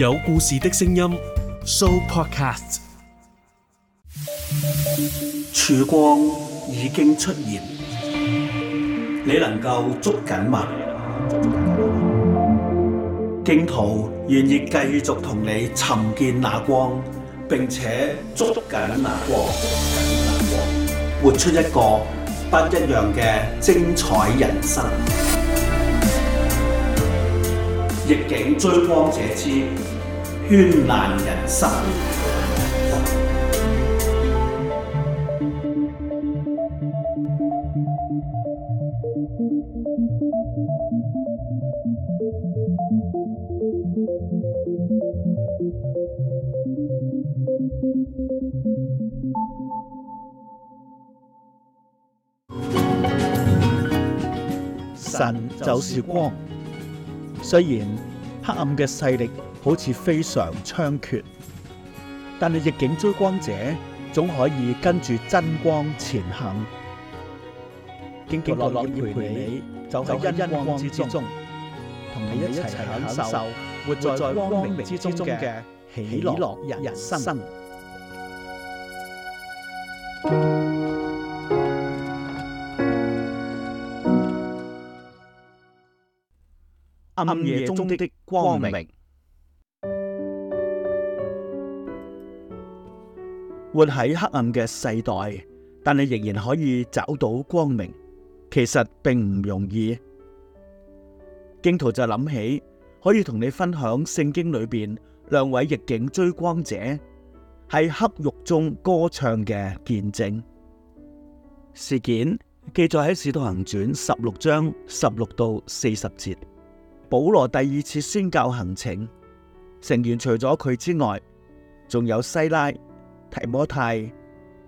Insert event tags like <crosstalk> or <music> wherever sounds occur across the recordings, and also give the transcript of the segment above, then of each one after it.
有故事的聲音，Sooopodcast。曙光已經出現，你能夠捉緊嗎？荊徒願意繼續同你尋見那光，並且捉緊那光，活出一個不一樣嘅精彩人生。逆境追光者之絢爛人生，神就是光，雖然，黑暗嘅勢力好似非常猖獗，但係逆境追光者總可以跟住真光前行。荊徒樂意陪你，走喺恩光之中，同你一齊享受活在光明之中嘅喜樂人生。暗夜中的。光明，活喺黑暗嘅世代，但你仍然可以找到光明，其實並唔容易。荊徒就諗起，可以同你分享聖經裏邊兩位逆境追光者，喺黑獄中歌唱嘅見證。事件記載喺《使徒行傳》十六章十六到四十節。保羅第二次宣教行程成員，除咗佢之外，仲有西拉、提摩太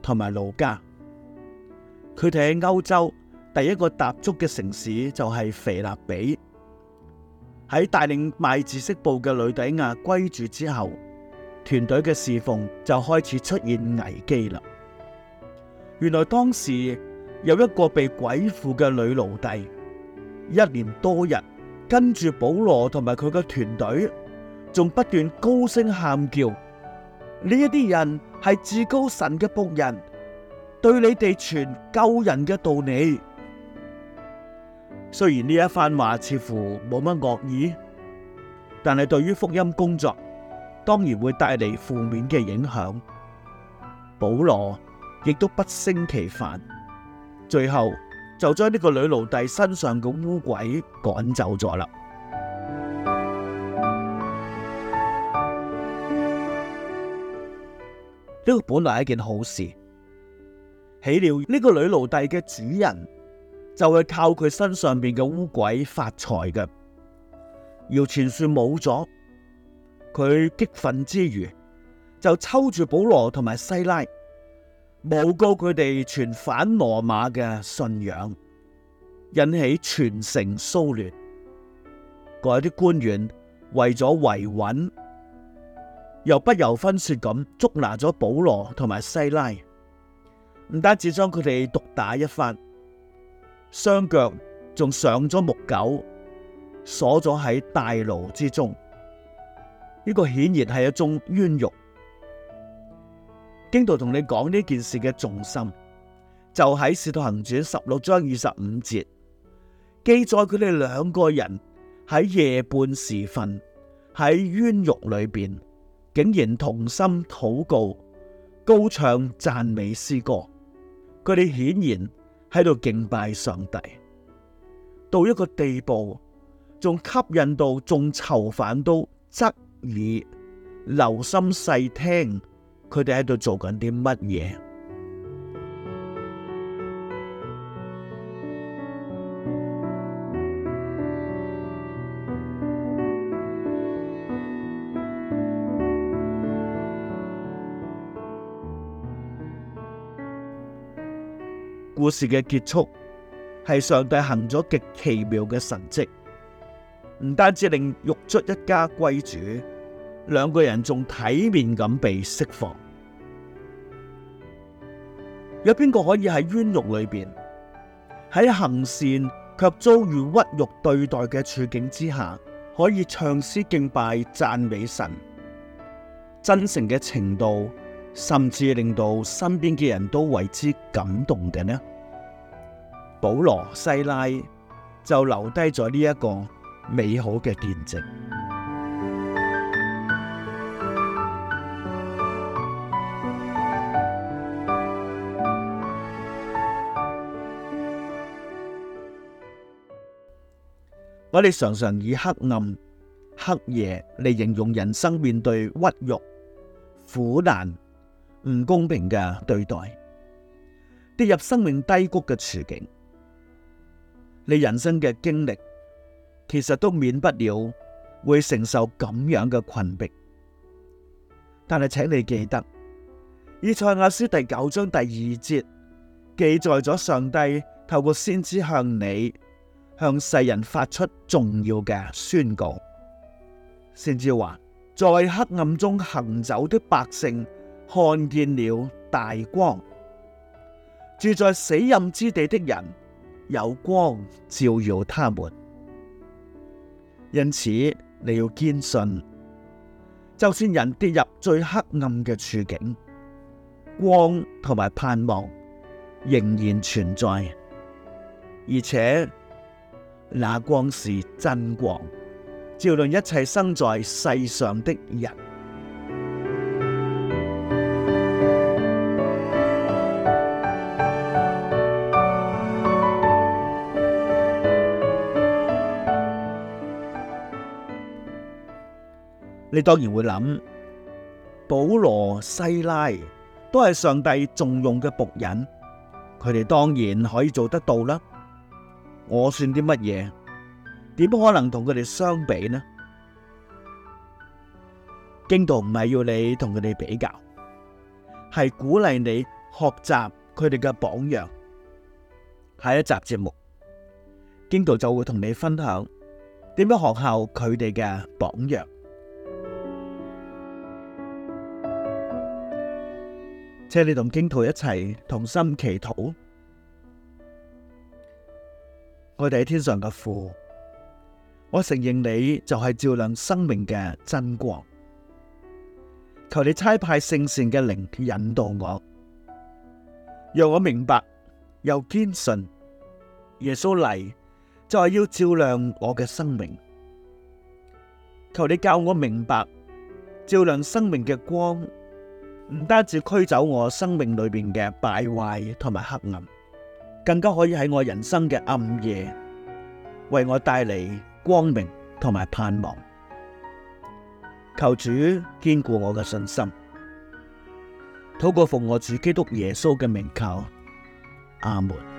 同埋路加。佢哋喺歐洲第一個踏足嘅城市就係腓立比。喺帶領賣紫色布嘅呂底亞歸主之後，團隊嘅侍奉就開始出現危機啦。原來當時有一個被鬼附嘅女奴婢，一連多日。跟住保羅同埋佢嘅團隊，仲不斷高聲喊叫。呢一啲人係至高神嘅僕人，對你哋傳救人嘅道理。雖然呢一番話似乎冇乜惡意，但係對於福音工作，當然會帶嚟負面嘅影響。保羅亦都不勝其煩。最後，就將呢個女奴隸身上嘅烏鬼趕走咗啦。呢個本來係一件好事，豈料呢個女奴隸嘅主人就係靠佢身上邊嘅烏鬼發財嘅，搖錢樹冇咗，佢激憤之餘就抽住保羅同埋西拉。誣告佢哋傳反羅馬嘅信仰，引起全城騷亂。嗰啲官員為咗維穩，又不由分說咁捉拿咗保羅同埋西拉，唔單止將佢哋毒打一番，雙腳仲上咗木狗，鎖咗喺大牢之中。呢個顯然係一種冤獄。荊徒同你講呢件事嘅重心，就喺《使徒行傳》十六章二十五節，記載佢哋兩個人喺夜半時分喺冤獄裏邊，竟然同心禱告，高唱讚美詩歌。佢哋顯然喺度敬拜上帝，到一個地步，仲吸引到眾囚犯都側耳留心細聽。佢哋喺度做緊啲乜嘢？故事嘅結束係上帝行咗極奇妙嘅神蹟，唔單止令獄卒一家歸主。兩個人仲體面咁被釋放，有邊個可以喺冤獄裏邊喺行善卻遭遇屈辱對待嘅處境之下，可以唱詩敬拜讚美神，真誠嘅程度甚至令到身邊嘅人都為之感動嘅呢？保羅西拉就留低咗呢一個美好嘅見證。我哋常常以黑暗、黑夜嚟形容人生面對屈辱、苦難、唔公平嘅對待，跌入生命低谷嘅處境。你人生嘅經歷，其實都免不了會承受咁樣嘅困逼。但係請你記得，以賽亞書第九章第二節記載咗上帝透過先知向你。向世人發出重要嘅宣告，先至話，在黑暗中行走的百姓看見了大光，住在死蔭之地的人有光照耀他們。因此，你要堅信，就算人跌入最黑暗嘅處境，光同埋盼望仍然存在，而且。那光是真光，照亮一切生在世上的人。 <music> 你當然會諗，保羅、西拉都係上帝重用嘅僕人，佢哋當然可以做得到啦。我算啲乜嘢？點可能同佢哋相比呢？荊徒唔係要你同佢哋比較，係鼓勵你學習佢哋嘅榜樣。下一集節目，荊徒就會同你分享點樣學習佢哋嘅榜樣。請你同荊徒一齊同心祈禱。我哋喺天上嘅父，我承認你就係照亮生命嘅真光。求你差派聖善嘅靈引導我，讓我明白又堅信耶穌嚟就係要照亮我嘅生命。求你教我明白，照亮生命嘅光唔單止驅走我生命裏面嘅敗壞同埋黑暗。更加可以喺我人生嘅暗夜，為我帶嚟光明同埋盼望。求主堅固我嘅信心，透過奉我主基督耶穌嘅名求，阿門。